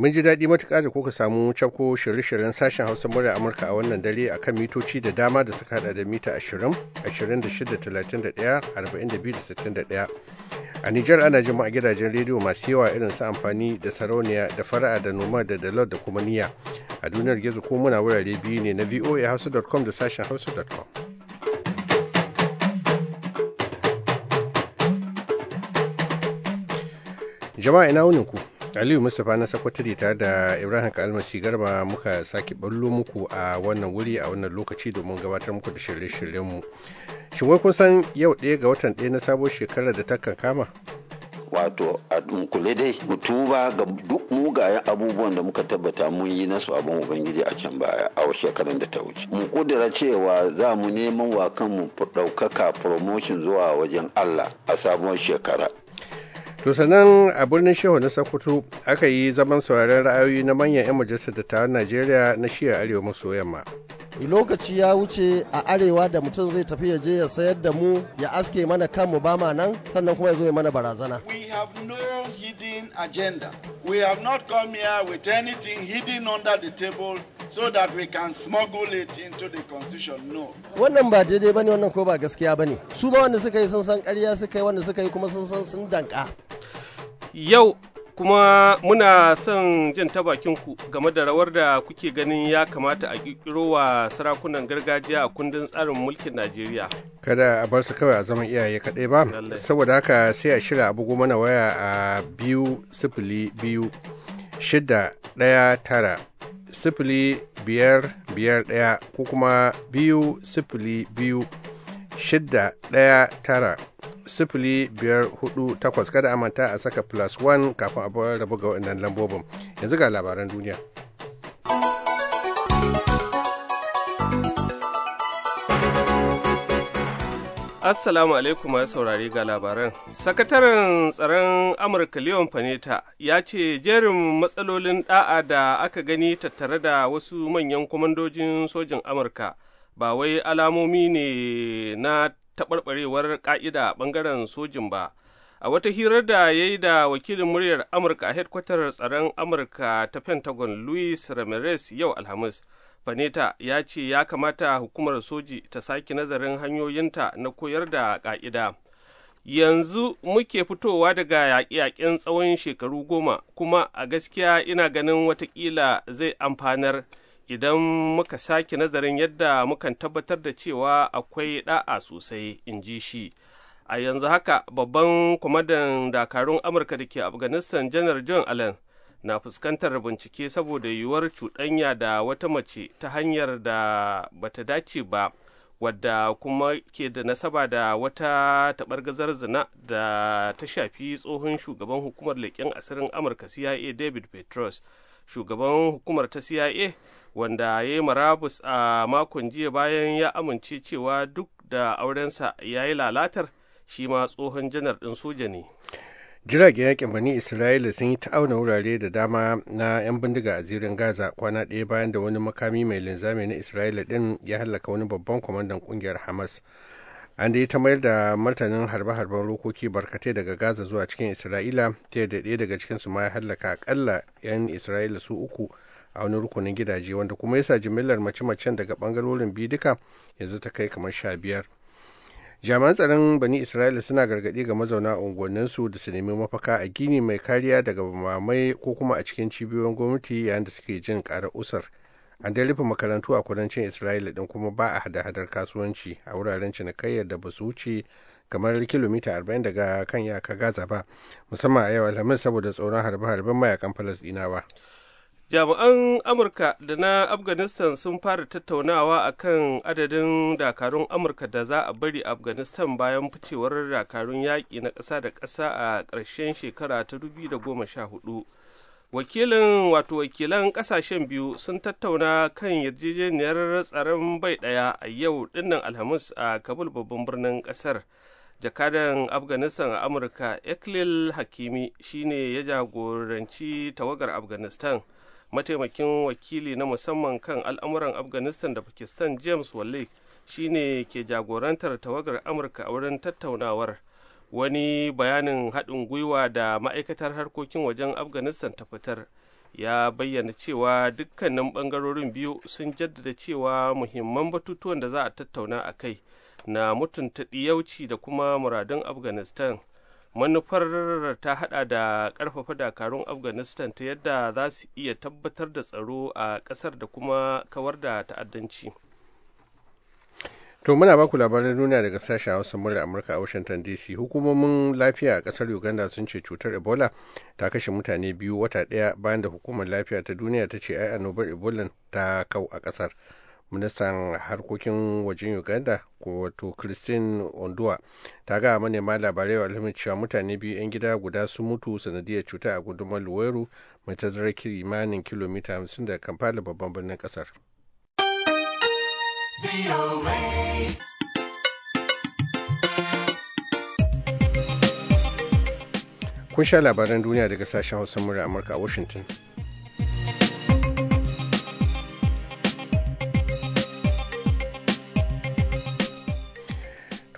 Mun ji daɗi matuƙa da kuka samu cako shirye-shiryen sashen Hausa murya Amurka a wannan dare akan mitoci da dama da suka hada da mita 20, 26, 31, 42 61. A Nijar ana jima a gidajen rediyo masu yawa irin su amfani da sarauniya da fara'a da noma da dalar da kuma niyya. A duniyar gizo ko muna wurare biyu ne na voahausa.com da sashen hausa.com. jama'a ina wunin ku Aliyu Mustapha na Sakwatari tare da Ibrahim Kalmasi Garba muka sake ballo muku a wannan wuri a wannan lokaci domin gabatar muku da shirye-shiryenmu. Shin wai kun san yau ɗaya ga watan ɗaya na sabon shekarar da ta kama? wato a dunkule dai mu ga duk mugayen abubuwan da muka tabbata mun yi nasu abin ubangiji a can baya a shekaran da ta wuce mu kudura cewa za mu neman wa kanmu ɗaukaka promotion zuwa wajen allah a sabuwar shekara to sannan a birnin shehu na sokoto aka yi zaman sauraron ra'ayoyi na manyan 'yan majalisar dattawan najeriya na shiya arewa maso yamma lokaci ya wuce a arewa da mutum zai tafi ya je ya sayar da mu ya aske mana kanmu ba ma nan sannan kuma ya zo ya mana barazana we have no hidden agenda we have not come here with anything hidden under the table so that we can smuggle it into the constitution no wannan ba daidai bane wannan ko ba gaskiya bane su ba wanda suka yi sun san ƙarya suka yi wanda suka yi kuma sun san sun danka yau kuma muna son jin ta bakinku game da rawar da kuke ganin ya kamata a ƙirƙiro wa sarakunan gargajiya a kundin tsarin mulkin Najeriya. Kada a bar su kawai a zaman iyaye kaɗai ba, saboda haka sai a shirya a bugu mana waya a biyu sifili biyu shida ɗaya tara sifili biyar biyar ɗaya ko kuma biyu sifili biyu shidda ɗaya tara sifili biyar huɗu takwas kada manta a saka plus one kafin a rabu ga waɗannan lambobin yanzu ga labaran duniya Assalamu alaikum saurari ga labaran. Sakataren tsaron Amurka Leon Panetta ya ce jerin matsalolin da'a da aka gani tattare da wasu manyan kwamandojin sojin Amurka ba wai alamomi ne na taɓarɓarewar ƙa'ida ɓangaren sojin ba. A wata hirar da ya yi da wakilin muryar Amurka a hedkwatar tsaron Amurka ta Pentagon Luis Ramirez yau Alhamis, Faneta ya ce ya kamata hukumar soji ta sake nazarin hanyoyinta na koyar da ƙa'ida. yanzu muke fitowa daga yaƙe-yaƙen tsawon shekaru goma kuma a gaskiya ina ganin watakila zai amfanar idan muka sake nazarin yadda mukan tabbatar da cewa akwai da'a sosai in ji shi a yanzu haka babban kwamandan dakarun amurka da ke afghanistan janar john allen na fuskantar bincike saboda yiwuwar cuɗanya da wata mace ta hanyar da bata dace ba wadda kuma ke da nasaba da wata gazar zina da ta shafi tsohon shugaban hukumar leƙen asirin amurka cia david petros shugaban hukumar ta cia wanda ya yi marabus a makon jiya bayan ya amince cewa duk da aurensa ya yi lalatar shi ma tsohon janar ɗin soja ne jiragen yakin bani isra'ila sun yi ta auna wurare da dama na 'yan bindiga a zirin gaza kwana ɗaya bayan da wani makami mai linzami na isra'ila ɗin ya hallaka wani babban kwamandan ƙungiyar hamas an da ta mayar da martanin harbe-harben rokoki barkatai daga gaza zuwa cikin isra'ila ta yadda ɗaya daga cikinsu ma ya hallaka akalla 'yan isra'ila su uku a wani rukunin gidaje wanda kuma yasa jimillar mace-macen daga bangarorin biyu duka yanzu ta kai kamar sha biyar jami'an tsaron bani isra'ila suna gargaɗi ga mazauna unguwanninsu da su nemi mafaka a gini mai kariya daga mamai ko kuma a cikin cibiyoyin gwamnati yayin da suke jin kara usar an dai rufe makarantu a kudancin isra'ila din kuma ba a hada-hadar kasuwanci a wuraren cinikayyar da ba su wuce kamar kilomita 40 daga kan yaka gaza ba musamman a yau alhamis saboda tsoron harbe-harben mayakan falasdinawa jami'an amurka da na afghanistan sun fara tattaunawa a kan adadin dakarun amurka da za a bari afghanistan bayan ficewar dakarun yaƙi na ƙasa da ƙasa a ƙarshen shekara ta 2014 wakilin wato wakilan ƙasashen biyu sun tattauna kan yarjejeniyar tsaron bai ɗaya a yau dinnan alhamis a kabul babban birnin ƙasar jakadan afghanistan a amurka eklil hakimi shine ya jagoranci tawagar afghanistan mataimakin wakili na musamman kan al'amuran afghanistan da pakistan james walle shine ke jagorantar tawagar amurka a wurin tattaunawar wani bayanin haɗin gwiwa da ma'aikatar harkokin wajen afghanistan ta fitar ya bayyana cewa dukkanin ɓangarorin biyu sun jaddada cewa muhimman batutuwan da za a tattauna a kai na mutunta ɗiyauci da kuma muradun afghanistan manufar ta hada da karfafa dakarun afghanistan ta yadda za su iya tabbatar da tsaro a kasar da kuma kawar da ta'addanci to muna baku labaran duniya daga sashen hausa murar amurka a washington dc hukumomin lafiya a kasar uganda sun ce cutar ebola ta kashe mutane biyu wata daya bayan da hukumar lafiya ta duniya ta ce ai annobar ebola ta kau a kasar ministan harkokin wajen uganda ko wato christine ondua ta ga manema labarai wa alhamis cewa mutane biyu 'yan gida guda sun mutu sanadiyar cuta a gudumar luweru mai tazarar kimanin kilomita 50 da kamfala babban birnin kasar kun sha labaran duniya daga sashen hausa murya amurka a washington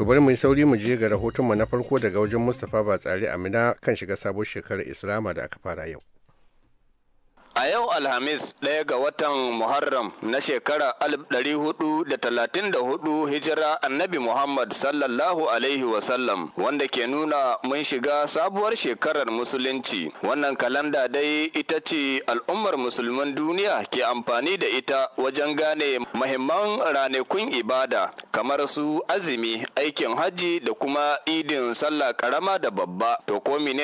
To bari mu yi sauri mu je ga rahoton mu na farko daga wajen Mustapha Batsari Amina kan shiga sabon shekarar Islama da aka fara yau. A yau Alhamis ɗaya ga watan Muharram na shekara 434 hijira annabi Muhammad sallallahu Alaihi wasallam wanda ke nuna mun shiga sabuwar shekarar musulunci. Wannan kalanda dai ita ce al'ummar musulman duniya ke amfani da ita wajen gane mahimman ranakun ibada kamar su azumi, aikin hajji da kuma idin sallah karama da babba. To ko ne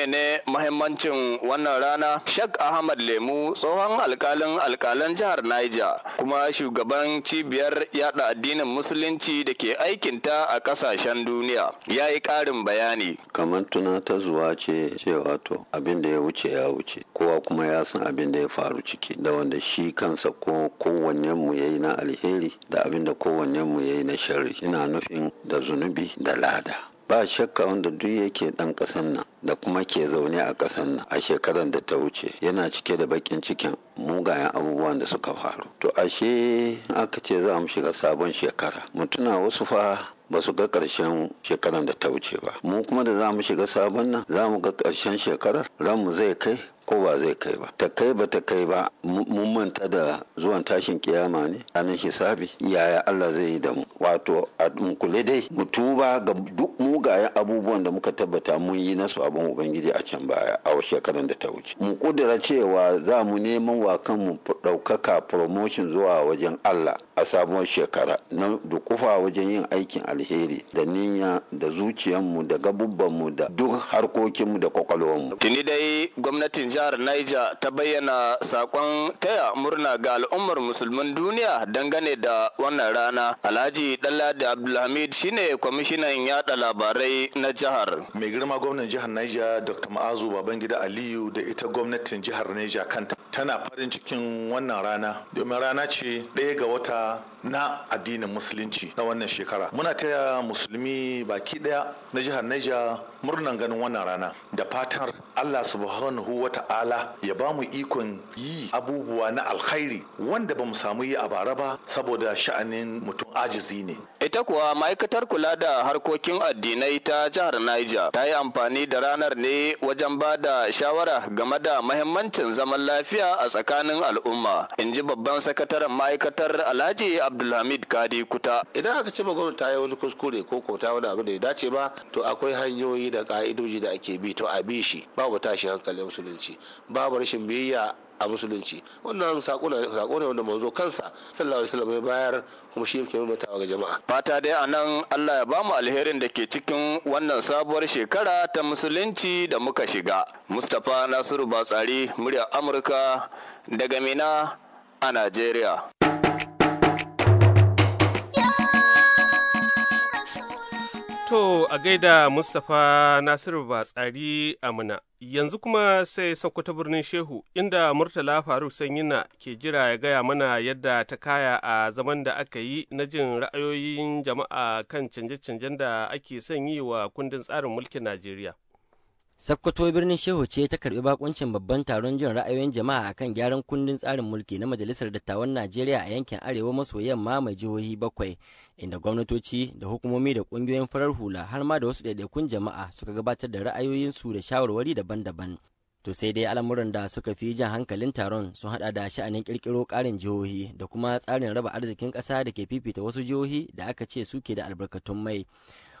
mahimmancin wannan rana? Shak Ahmad Lemu tsohon alkalin alkalan jihar Niger kuma shugaban cibiyar yada addinin musulunci da ke aikinta a kasashen duniya ya yi ƙarin bayani. Kamar tuna ta zuwa ce cewa to abin da ya wuce ya wuce kowa kuma ya san abin da ya faru ciki da wanda shi kansa ko kowanne mu yayi na alheri da abin da kowanne mu yayi na sharri ina nufin da zunubi da lada. ba shakka wanda duk yake dan kasan nan da kuma ke zaune a kasan nan a shekarar da ta wuce yana cike da bakin cikin mugayen abubuwan da suka faru to ashe aka ce za mu shiga sabon shekara mutuna wasu fa ba su ga ƙarshen shekarar da ta wuce ba mu kuma da za mu shiga sabon nan za mu ga ƙarshen shekarar ran mu zai kai ko ba zai kai ba ta kai ba ta kai ba mun manta da zuwan tashin kiyama ne a nan hisabi yaya Allah zai yi da mu wato a dunkule dai mu tuba ga duk mugayen abubuwan da muka tabbata mun yi nasu abin ubangiji a can baya a shekaran da ta wuce mu kudura cewa za mu neman wa kanmu ɗaukaka promotion zuwa wajen Allah a sabuwar shekara na dukufa wajen yin aikin alheri da niyya da zuciyarmu da gabubbanmu da duk harkokinmu da mu. tuni dai gwamnatin jihar Niger ta bayyana sakon taya murna ga al'ummar musulmin duniya dangane da wannan rana. Alhaji Dallade Abdulhamid shine kwamishinan yada labarai na jihar. Mai girma gwamnan jihar Niger Dr. Ma'azu Babangida Aliyu da ita gwamnatin jihar Niger kanta tana farin cikin wannan rana domin rana ce ɗaya ga wata na addinin musulunci na wannan shekara muna taya musulmi baki ɗaya na jihar Niger murnan ganin wannan rana da fatan Allah subhanahu wa ta'ala ya ba mu ikon yi abubuwa na alkhairi wanda ba mu samu yi a bara ba saboda sha'anin mutum ajizi ne ita kuwa ma'aikatar kula da harkokin addinai ta jihar Niger ta yi amfani da ranar ne wajen ba da shawara game da mahimmancin zaman lafiya lafiya a tsakanin al'umma in ji babban sakataren ma'aikatar alhaji abdulhamid kadi kuta idan aka ce gwamnati ta yi wani kuskure ko ko ta wani abu da ya dace ba to akwai hanyoyi da ka'idoji da ake bi to a bi shi babu tashi hankalin musulunci babu rashin biyayya a musulunci wannan sako ne wanda manzo kansa sallallahu alaihi wasallam ya bayar kuma shi yake mutawa ga jama'a fata dai anan Allah ya bamu alherin da ke cikin wannan sabuwar shekara ta musulunci da muka shiga Mustapha Nasiru Batsari muryar Amurka daga Mina a Najeriya To a gaida Mustapha Nasiru Batsari Amina, yanzu kuma sai Sokoto birnin Shehu inda Murtala Faruk Sanyina ke jira ya gaya mana yadda ta kaya a zaman da aka yi na jin ra'ayoyin jama'a kan canje-canjen da ake son yi wa kundin tsarin mulkin Najeriya. Sakkwato birnin Shehu ce ta karbi bakuncin babban taron jin ra'ayoyin jama'a a kan gyaran kundin tsarin mulki na Majalisar Dattawan Najeriya a yankin Arewa maso yamma mai jihohi bakwai, inda gwamnatoci da hukumomi da kungiyoyin farar hula har ma da wasu ɗaiɗaikun jama'a suka gabatar da ra'ayoyinsu da shawarwari daban-daban. To sai dai al'amuran da suka fi jan hankalin taron sun haɗa da sha'anin ƙirƙiro ƙarin jihohi da kuma tsarin raba arzikin ƙasa da ke fifita wasu jihohi da aka ce suke da albarkatun mai.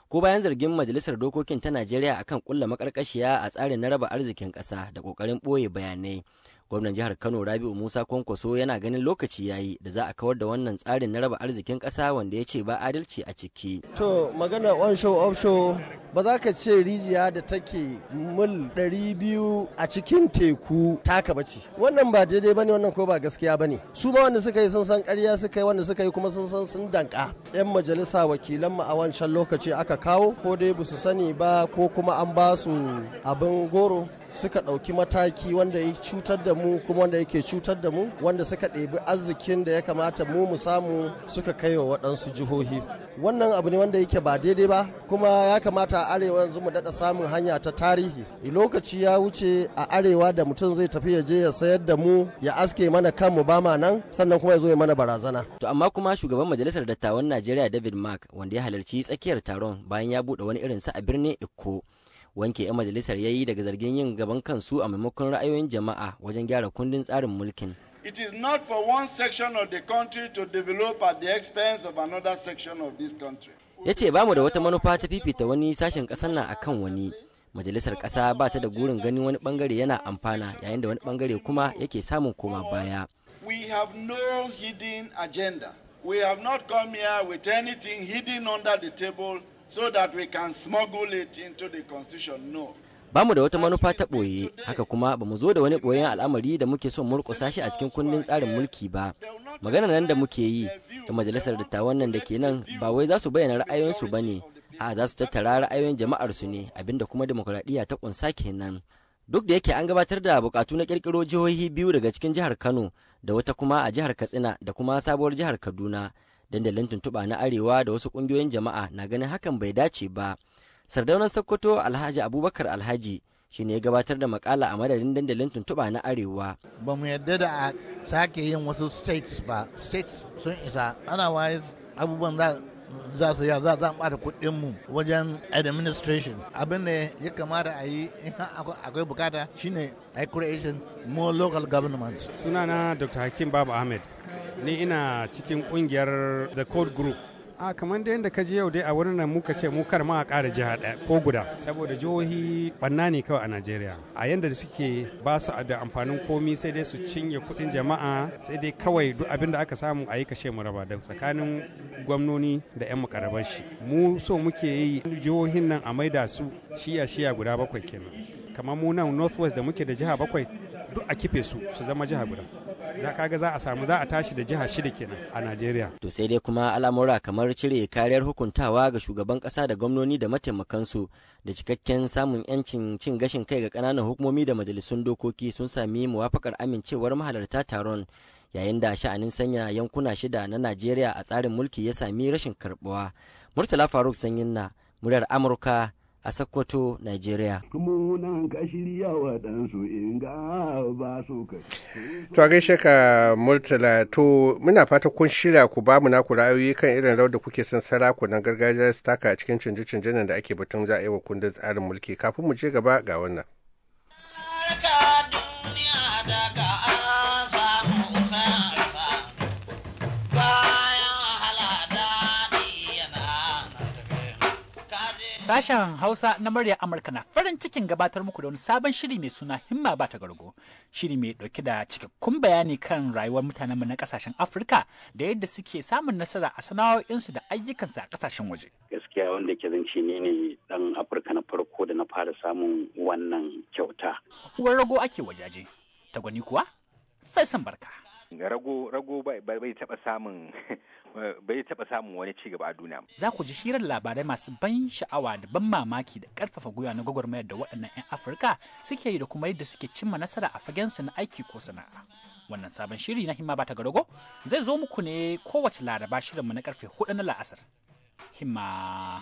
ko bayan zargin majalisar dokokin ta najeriya akan kulla makarkashiya a tsarin na raba arzikin ƙasa da ƙoƙarin ɓoye bayanai gwamnan jihar kano rabiu musa kwankwaso yana ganin lokaci yayi da za a kawar da wannan tsarin na raba arzikin kasa wanda ya ce ba adalci a ciki to magana onshore show ba za ka ce rijiya da take mil 200 a cikin teku taka bace wannan ba daidai bane wannan ko ba gaskiya bane su ma wanda suka yi sun san ƙarya suka yi wanda suka yi kuma sun san sun danka yan majalisa wakilan mu a wancan lokaci aka kawo ko dai ba sani ba ko kuma an ba su abin goro suka ɗauki mataki wanda ya cutar da mu kuma wanda yake cutar da mu wanda suka ɗebi arzikin da ya kamata mu mu samu suka kai wa waɗansu jihohi wannan abu ne wanda yake ba daidai ba kuma ya kamata a arewa yanzu mu daɗa samun hanya ta tarihi lokaci ya wuce a arewa da mutum zai tafi ya je ya sayar da mu ya aske mana kanmu ba ma nan sannan kuma ya zo ya mana barazana to amma kuma shugaban majalisar dattawan najeriya david mark wanda ya halarci tsakiyar taron bayan ya buɗe wani irin sa a birnin ikko wanke 'yan majalisar ya yi daga zargin yin gaban kansu a maimakon ra'ayoyin jama'a wajen gyara kundin tsarin mulkin It is not for one section of the country to develop at the expense of another section of this country. Ya ce ba mu da wata manufa ta fifita wani sashen ƙasar na akan wani. Majalisar kasa ba ta da gurin ganin wani bangare yana amfana yayin da wani bangare kuma yake samun koma baya. We have no hidden agenda. We have not come here with anything hidden under the table so that we can smuggle it into the constitution no ba da wata manufa ta boye haka kuma bamu zo da wani boyen al'amari da muke son murƙusa shi a cikin kundin tsarin mulki ba magana nan da muke yi da majalisar dattawan nan da ke nan ba wai za su bayyana ra'ayoyinsu ba ne a za su tattara ra'ayoyin jama'ar su ne abinda kuma demokuraɗiyya ta ƙunsa kenan duk da yake an gabatar da bukatu na kirkiro jihohi biyu daga cikin jihar kano da wata kuma a jihar katsina da kuma sabuwar jihar kaduna dandalin tuntuɓa na arewa da wasu ƙungiyoyin jama'a na ganin hakan bai dace ba sardaunan sokoto alhaji abubakar alhaji shine ya gabatar da makala a madadin dandalin tuntuɓa na arewa ba mu yadda da a sake yin wasu states ba states sun isa otherwise abubuwan za su ya za a bata kuɗin mu wajen administration abin da ya kamata a yi in akwai bukata shine a creation more local government sunana dr hakim babu ahmed ni ina cikin kungiyar the code group a kamar da yadda ka ji yau dai a wurin nan muka ce mu kar ma a ƙara jiha ɗaya ko guda saboda jihohi banna ne kawai a Najeriya a yadda da suke ba su da amfanin komi sai dai su cinye kuɗin jama'a sai dai kawai duk abin da aka samu a yi kashe mu raba da tsakanin gwamnoni da 'yan makarabar shi mu so muke yi jihohin nan a maida su shiya shiya guda bakwai kenan kamar mu nan West da muke da jiha bakwai duk a kife su su zama jiha guda za ka ga za a samu za a tashi da jiha shida kenan a Najeriya. To sai dai kuma al'amura kamar cire kariyar hukuntawa ga shugaban kasa da gwamnoni da mataimakansu da cikakken samun yancin cin gashin kai ga kananan hukumomi da majalisun dokoki sun sami muwafakar amincewar mahalarta taron yayin da sha'anin sanya yankuna shida na Najeriya a tsarin mulki ya sami rashin karbuwa. Murtala Faruk Sanyin na muryar Amurka a Sokoto, Nigeria. To a gaishe ka Murtala to muna fata kun shirya ku ba mu naku ra'ayoyi kan irin rawar da kuke son na gargajiya su taka a cikin canje-canjen da ake batun za yi wa kundin tsarin mulki kafin mu je gaba ga wannan. Sashen Hausa na murya Amurka na farin cikin gabatar muku da wani sabon shiri mai suna himma ba ta gargo. Shiri mai dauke da cikakkun bayani kan rayuwar mutanen mu na kasashen Afirka da yadda suke samun nasara a sana'o'insu da ayyukansu a kasashen waje. Gaskiya wanda ke zan ni ne dan Afirka na farko da na fara samun wannan kyauta. Uwar rago ake wajaje. gwani kuwa? Sai san barka. Rago rago bai taɓa samun bai taɓa samun wani ci gaba a duniya. Za ku ji hirar labarai masu ban sha'awa da ban mamaki da ƙarfafa gwiwa na gwagwarmayar da waɗannan 'yan Afirka suke yi da kuma yadda suke cimma nasara a fagen su na aiki ko sana'a. Wannan sabon shiri na Himma Bata Garogo zai zo muku ne kowace laraba shirinmu na karfe hudu na la'asar. Himma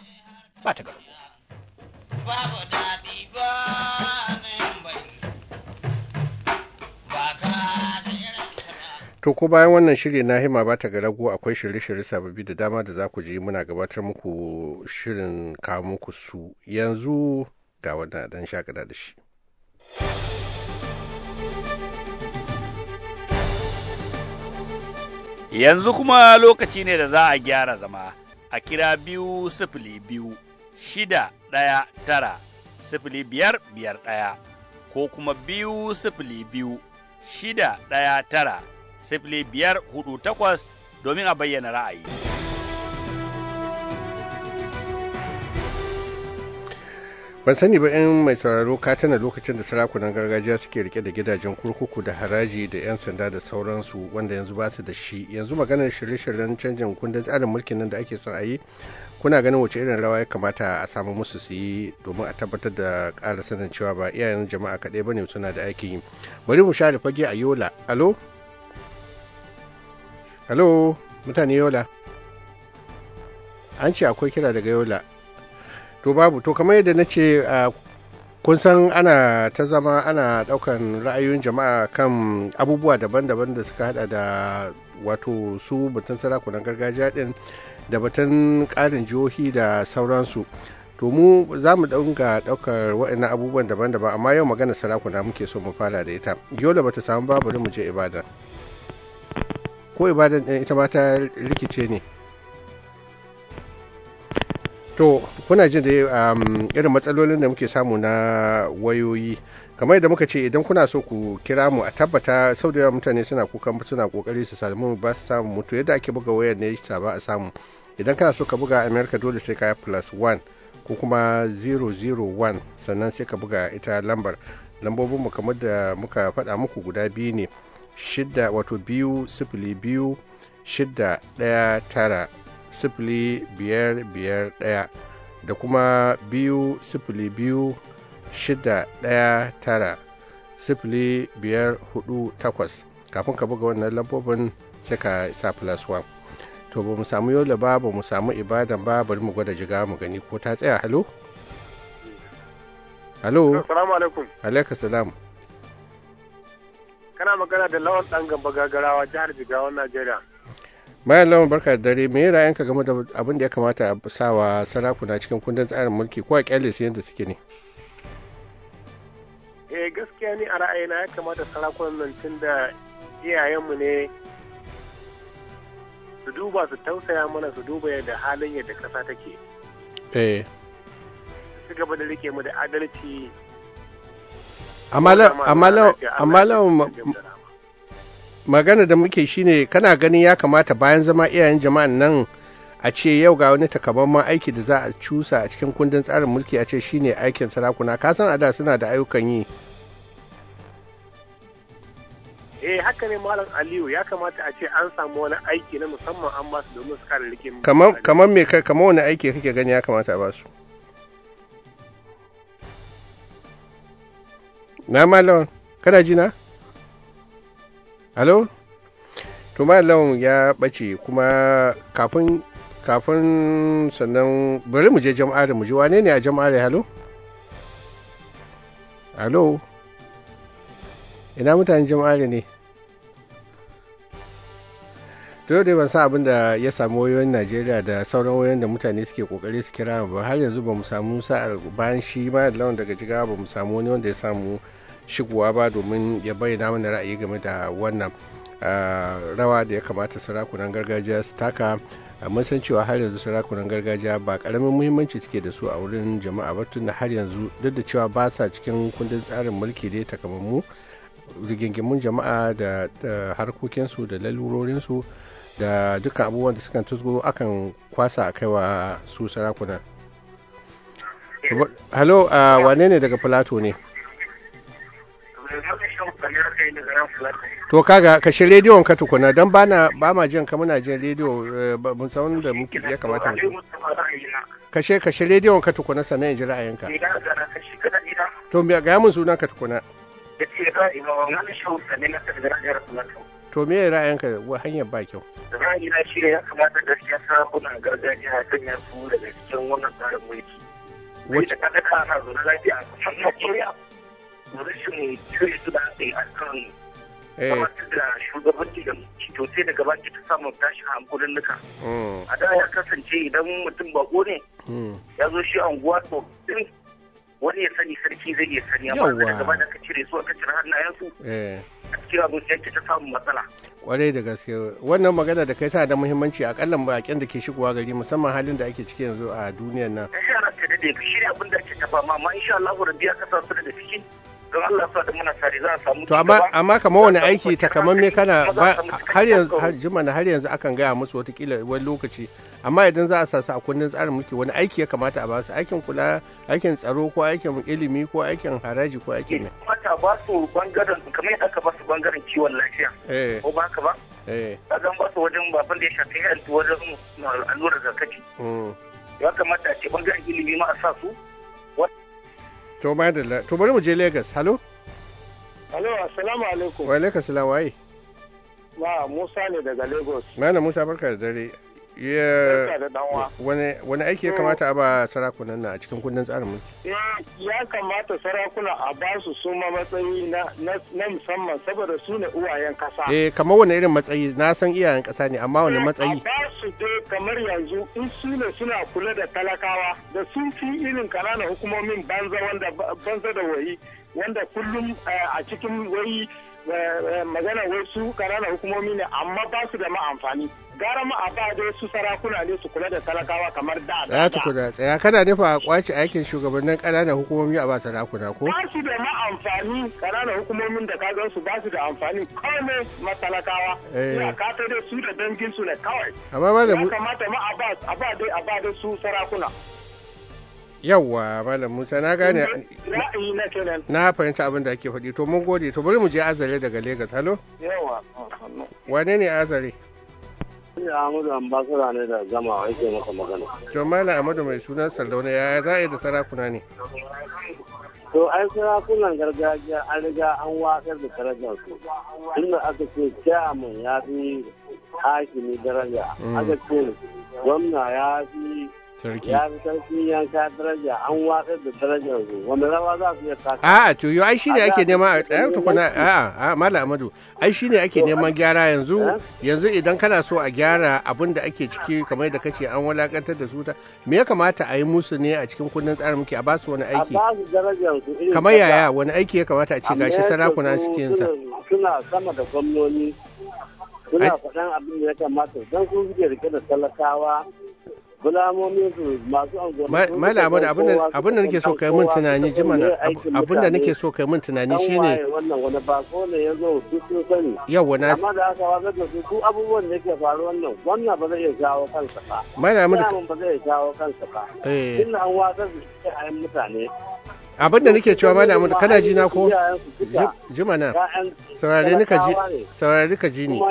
Bata Garogo. Babu daɗi To ko bayan wannan shirin na hima ba ta rago akwai shirye-shirye sababbi da dama da za ku ji muna gabatar muku shirin kamu muku su yanzu ga wannan dan shakada da shi. Yanzu kuma lokaci ne da za a gyara zama a kira biyu sifili biyu shida ɗaya tara sifili biyar biyar ɗaya ko kuma biyu sifili biyu shida ɗaya tara sifili biyar hudu takwas domin a bayyana ra'ayi. ban sani ba 'yan mai sauraro ka tana lokacin da sarakunan gargajiya suke rike da gidajen kurkuku da haraji da 'yan sanda da sauransu wanda yanzu ba su da shi yanzu maganar shirye-shiryen canjin kundin tsarin mulkin nan da ake son a yi kuna ganin wace irin rawa ya kamata a samu musu su yi domin a tabbatar da ƙara sanin cewa ba iyayen jama'a kaɗai ba ne suna da aikin yi bari mu share fage a yola alo hello mutane yola an ce akwai kira daga yola to babu to kamar yadda na ce kun san ana ta zama ana daukan ra'ayoyin jama'a kan abubuwa daban-daban da suka hada da wato su batun sarakunan gargajiya din da batun karin jihohi da sauransu to mu za mu ɗaukar waɗannan abubuwan daban-daban amma yau magana sarakuna muke so mu fara da ita yola bata samu babu mu je ibadan ko ibadan ɗin ita mata rikice ne to kuna jin da um, irin matsalolin da muke samu na wayoyi kamar yadda muka ce idan kuna so ku kira mu a tabbata sau da yawa mutane suna kukan suna kokari su samu ba su samu mutu yadda ake buga wayar ne ta ba a samu idan kana so ka buga america dole sai ka yi plus one ko kuma 001 sannan sai ka buga ita lambar lambobin mu kamar da muka faɗa muku guda biyu ne shida wato biyu sifili biyu shida ɗaya tara sifili biyar biyar ɗaya da kuma biyu sifili biyu shida ɗaya tara sifili biyar hudu takwas kafin ka buga wannan lambobin sai ka sa plus to ba mu samu yola ba ba mu samu ibadan ba bari mu gwada jiga mu gani ko ta tsaya halo halo alaikum alaikum kana magana da lawan dan gamba gagarawa jihar jigawa najeriya bayan lawan barka da dare me ya ra'ayinka game da abin da ya kamata a sawa sarakuna cikin kundin tsarin mulki ko a kyale su yadda suke ne eh gaskiya ne a ra'ayina ya kamata sarakunan nan tun da iyayenmu ne su duba su tausaya mana su duba yadda halin yadda kasa take eh su gaba da rike mu da adalci amma lawan magana da muke shine kana ganin ya kamata bayan zama iyayen jama'an nan a ce yau ga wani takamaiman aiki da za a cusa a cikin kundin tsarin mulki a ce shine aikin sarakuna ka san ada suna da ayyukan yi eh haka ne malam aliyu ya kamata a ce an samu wani aiki na musamman an basu domin su kare rikin kamar me kamar wani aiki kake gani ya kamata a basu na malon kada jina? na alo to malon ya bace kuma kafin kafin sannan bari mu je jama'a mu ji wane ne a da halo halo ina mutanen jama'ar ne to ban sa abin da ya samu wayoyin najeriya da sauran wayoyin da mutane suke kokari su kira ba har yanzu ba mu samu sa'ar bayan shi ma da lawan daga jigawa ba mu samu wani wanda ya samu shigowa ba domin ya bayyana mana ra'ayi game da wannan ah, rawa da ya kamata sarakunan gargajiya su taka ah, mun san cewa har yanzu sarakunan gargajiya ba karamin muhimmanci suke da su a wurin jama'a ba tun da har yanzu duk da cewa ba sa cikin kundin tsarin mulki dai takamammu rigingimun jama'a da harkokinsu da lalurorinsu da duka abubuwan da sukan tusgo akan kwasa a kaiwa su sarakuna halo a wane ne daga plato ne to kaga kashe rediyon ka tukuna don na ba ma jin ka muna jin rediyo eh, mun san da muke ya kamata mu kashe kashe rediyon ka tukuna sannan ji ra'ayinka to ga mun sunan ka tukuna to me ra'ayinka hanyar ba kyau ra'ayina shi ne ya kamata gaskiya sarakunan gargajiya ya sanya su daga cikin wannan tsarin mulki wacce ka da kana zuwa lafiya a kusan Najeriya rashin cire su da aka a kan eh. gabatar da shugabanci da to sai daga baki ta samu tashi hankulin nuka hmm. a da ya kasance idan mutum bako ne hmm. ya zo shi anguwa to wani ya sani sarki zai iya sani amma da gaba da ka cire su aka cire hannayensu eh. a cikin ta samun matsala kwarai da gaske wannan magana da kai tana da muhimmanci kallon bakin da ke shigowa gari musamman halin da ake ciki yanzu a duniyar nan ta eh, shara ta dade ka shirya abin da ake taba ma amma insha Allah rabbiya ka sa su daga cikin don Allah sa da muna sare za a samu to amma amma kamar wani aiki takamamme kana har yanzu har yanzu akan gaya musu wata kila wani lokaci amma idan za a sa su a kundin tsarin mulki wani aiki ya kamata a ba su aikin kula aikin tsaro ko aikin ilimi ko aikin haraji ko aikin ne kamata ba su bangaren kamar yadda aka ba su bangaren kiwon lafiya eh. ko ba eh. ka ba kaga ba su wajen babban da ya shafi health wajen allurar zakati hmm. ya kamata a ce bangaren ilimi ma a sa su to ma da to bari mu je Lagos halo halo assalamu alaikum wa alaikum salam waye ma Musa ne daga Lagos mana Musa barka da dare wani aiki ya mm. kamata a ba sarakunan na a cikin kundin tsarin mulki ya kamata sarakuna a ba su suma matsayi na musamman saboda su ne uwayen kasa eh kamar wani irin matsayi na san iyayen kasa ne amma wani eh, matsayi ya ba su dai kamar yanzu in su ne suna kula da talakawa da sun fi irin kananan hukumomin banza wanda banza da wayi wanda kullum eh, a cikin wayi eh, magana wasu kanana kananan hukumomi ne amma ba su da ma'amfani. amfani gara ma a ba su sarakuna ne su kula da talakawa kamar da tsaya tukuna tsaya kana nufa a kwace aikin shugabannin ƙananan hukumomi a ba sarakuna ko ba su da ma amfani ƙananan hukumomin da ka gan su ba su da amfani kawai ma talakawa ya ka da su da dangin su ne kawai amma malamu ya kamata ma a ba a ba dai a ba da su sarakuna yawwa malam musa na gane na fahimta abin da ake faɗi to mun gode to bari mu je azare daga Legas halo yawwa wane ne azare Ni Ahmadu ambasada ne da zama yake maka magana. To Ahmadu mai sunan sallauna ya za a yi da sarakuna ne? To ai sarakunan gargajiya an riga an watsar da darajar su. Inda aka ce chairman ya fi hakimi daraja, mm. aka ce gwamna ya fi sarki ya fi sarki yanka daraja an watsar da darajar su wanda rawa za su iya taka a to yo ai shine ake nema a tsayan tukuna a a mala amadu ai shine ake neman gyara yanzu eh? yanzu idan kana so a gyara abin da ake ciki kamar da kace an walakantar da su ta me ya kamata a yi musu ne a cikin kundin tsarin muke a ba su wani aiki a ba su darajar su kamar yaya wani aiki ya kamata a ce gashi sarakuna suke yin sa suna sama da gwamnoni suna faɗan abin da ya kamata don sun suke rike da talakawa gulamomin su masu angoni mala amur abin da nake so kai mun tunani jimana abin da nake so kai mun tunani shine wannan wani bako ne ya zo su sun sani yawa na amma da aka da su abubuwan da yake faru wannan wannan ba zai iya kansa ba ba zai iya kansa ba eh. an wazar da a mutane abin da nake cewa malam kana ji na ko jima na saurare nika ji saurare ji ni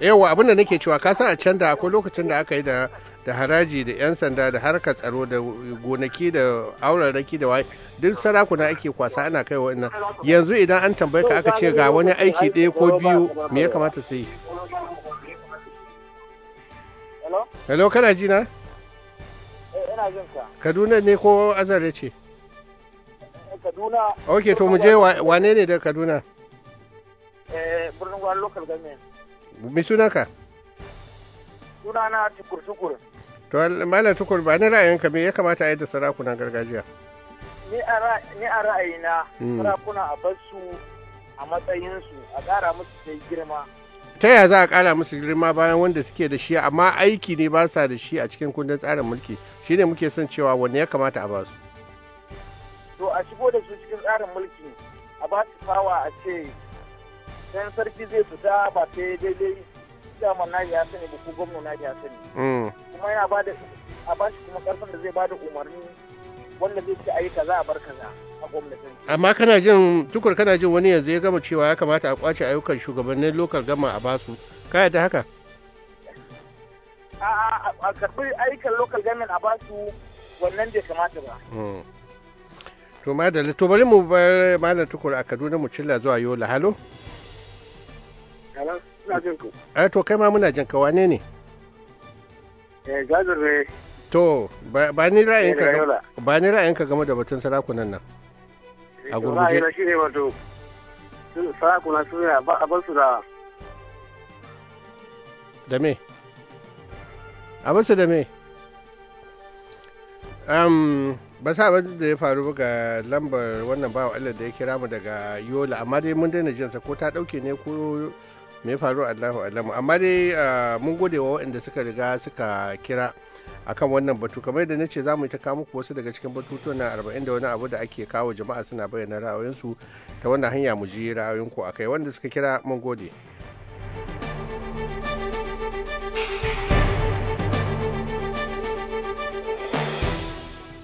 yawa abin da nake cewa ka san a can da akwai lokacin da aka yi da da haraji da 'yan sanda da harkar tsaro da gonaki da auraraki da waye duk sarakuna ake kwasa ana kai wa'annan yanzu idan an tambaye ka aka ce ga wani aiki ɗaya ko biyu me ya kamata su yi hello kana ji ina jin ka kaduna ne ko azare ce kaduna ok to mu je wane ne da kaduna eh birnin gwari local government ka? Suna na tukur tukur to malam tukur ba ni ra'ayinka me ya kamata a yi da sarakunan gargajiya ni a ra'ayina hmm. sarakuna a bar su a matsayinsu a ƙara musu sai girma ta yaya za a kara musu girma bayan wanda suke da shi amma aiki ne ba sa da shi a cikin kundin tsarin mulki shine muke son cewa wanne ya kamata a ba su to a shigo da su cikin tsarin mulki a ba su fawa a ce sayan sarki zai fita ba yi daidai chairman na ya sani ba ko gwamna na ya sani mm. kuma ya ba da a ba shi kuma karfin da zai ba da umarni wanda zai ce ayi kaza a bar kaza a gwamnatin amma kana jin tukur kana jin wani yanzu ya gama cewa ya kamata a kwace ayyukan shugabannin lokal gama a basu ka yadda haka a karɓi ayyukan lokal gama a basu wannan bai kamata ba hmm. to da to bari mu bar malam tukur a kaduna mu cilla zuwa yola halo eh, to kai ma muna jin ka wane ne eh gazar to ba ni ra'ayinka eh, ba ni ra'ayinka game da batun sarakunan nan eh, a gurguje wato sarakuna ne a da da me a basu da me um, ba sa ba da ya faru ga lambar wannan bawa Allah da ya kira mu daga Yola amma dai mun daina jinsa ko ta dauke ne ko me faru Allahu alamu amma dai ah, mun gode wa waɗanda suka riga suka kira akan wannan batu kamar da nace za mu yi ta kawo muku wasu daga cikin batutuwan na 40 da wani abu da ake kawo jama'a suna bayyana ra'ayoyinsu ta wannan hanya mu ji ra'ayoyinku kai wanda suka kira mun gode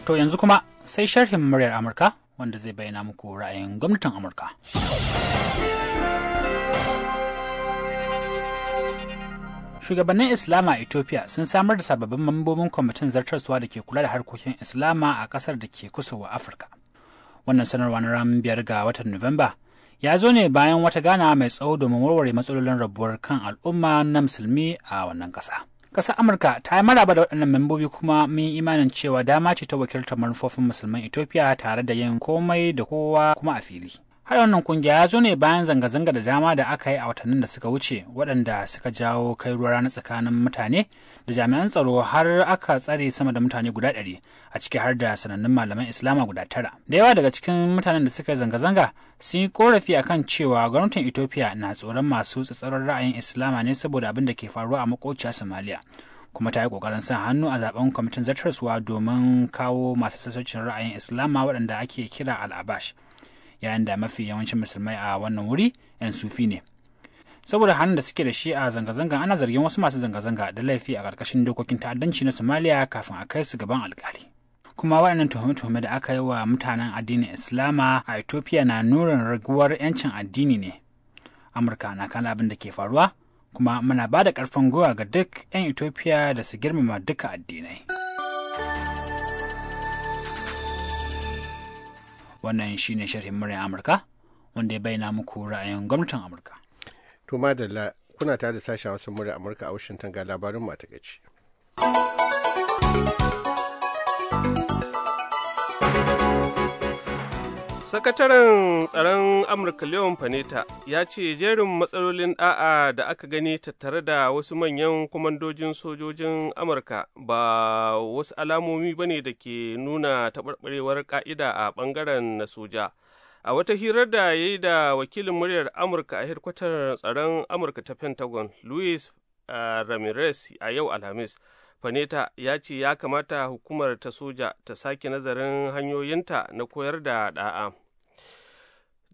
To yanzu kuma sai sharhin muryar Amurka wanda zai bayyana muku ra'ayin gwamnatin Amurka. shugabannin islama a ethiopia sun samar da sababbin mambobin kwamitin zartarsuwa da ke kula da harkokin islama a kasar da ke kusurwa afirka wannan sanarwa na ramin biyar ga watan nuwamba ya zo ne bayan wata gana mai tsawo domin warware matsalolin rabuwar kan al'umma na musulmi a wannan kasa Ƙasar Amurka ta yi maraba da waɗannan membobi kuma mun imanin cewa dama ce ta wakiltar manufofin musulman Ethiopia tare da yin komai da kowa kuma a fili. har wannan kungiya ya zo ne bayan zanga-zanga da dama da aka yi a watannin da suka wuce waɗanda suka jawo kai ruwa rana tsakanin mutane da jami'an tsaro har aka tsare sama da mutane guda ɗari a ciki har da sanannun malaman islama guda tara da yawa daga cikin mutanen da suka yi zanga-zanga sun yi korafi kan cewa gwamnatin ethiopia na tsoron masu tsatsarar ra'ayin islama ne saboda abin da ke faruwa a makociya somalia kuma ta yi kokarin sa hannu a zaben kwamitin zartarsuwa domin kawo masu sassaucin ra'ayin islama waɗanda ake kira al'abash yayin da mafi yawancin musulmai a wannan wuri 'yan sufi ne saboda hannun da suke da shi a zanga-zangan ana zargin wasu masu zanga-zanga da laifi a ƙarƙashin dokokin ta'addanci na somaliya kafin a kai su gaban alkali kuma waɗannan tuhume-tuhume da aka yi wa mutanen addinin islama a ethiopia na nuna raguwar 'yancin addini ne amurka na kan abin da ke faruwa kuma muna ba da ƙarfin gwiwa ga duk 'yan ethiopia da su girmama duka addinai. wannan shine sharhin murya amurka wanda ya bayyana muku ra'ayin gwamnatin amurka to madalla kuna tare da sashen wasu murya amurka a washington ga labarin mu a Sakataren tsaron Amurka Leon faneta ya ce jerin matsalolin da'a da aka gani tattare da wasu manyan kwamandojin sojojin Amurka ba wasu alamomi ba ne da ke nuna taɓarɓarewar ƙa'ida a ɓangaren na soja. A wata hirar da ya yi da wakilin muryar Amurka a hirkwatar tsaron Amurka ta Pentagon, Luis eh, Ramirez a yau Alhamis, Faneta ya ce ya kamata hukumar ta soja ta sake nazarin hanyoyinta na koyar da ɗa'a.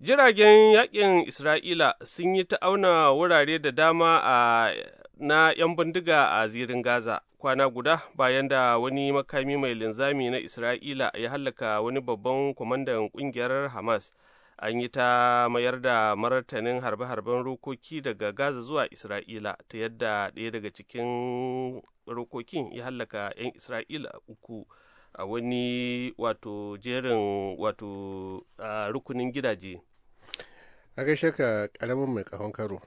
Jiragen yakin Isra'ila sun yi ta auna wurare da dama a na ‘yan bindiga a zirin Gaza kwana guda bayan da wani makami mai linzami na Isra'ila ya hallaka wani babban kwamandan ƙungiyar Hamas. An yi ta mayar da martanin harbe-harben rokoki daga Gaza zuwa Isra'ila ta yadda ɗaya daga cikin rokokin ya hallaka ‘yan Isra'ila uku a wani wato jerin wato rukunin gidaje. a gaishe ka karamin mai kahon karo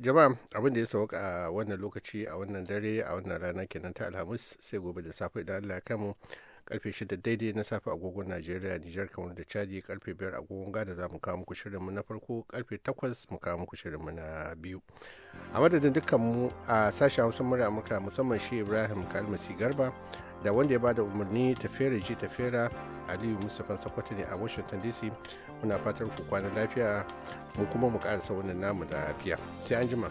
jama'a abin da ya sauka a wannan lokaci a wannan dare a wannan rana kenan ta alhamis sai gobe da safe idan allah ya kamu karfe shida daidai na safe agogon najeriya nijar kamar da caji karfe biyar agogon gada za mu kawo muku shirin mu na farko karfe 8 mu kawo muku shirin mu na biyu a madadin dukkanmu a sashen hausa murya amurka musamman shi ibrahim kalmasi garba da wanda ya bada umarni tafera ji tafera aliyu mustapha sakwato ne a washington dc muna fatar ku kwana lafiya mu kuma mu karasa wannan namu da lafiya sai an jima.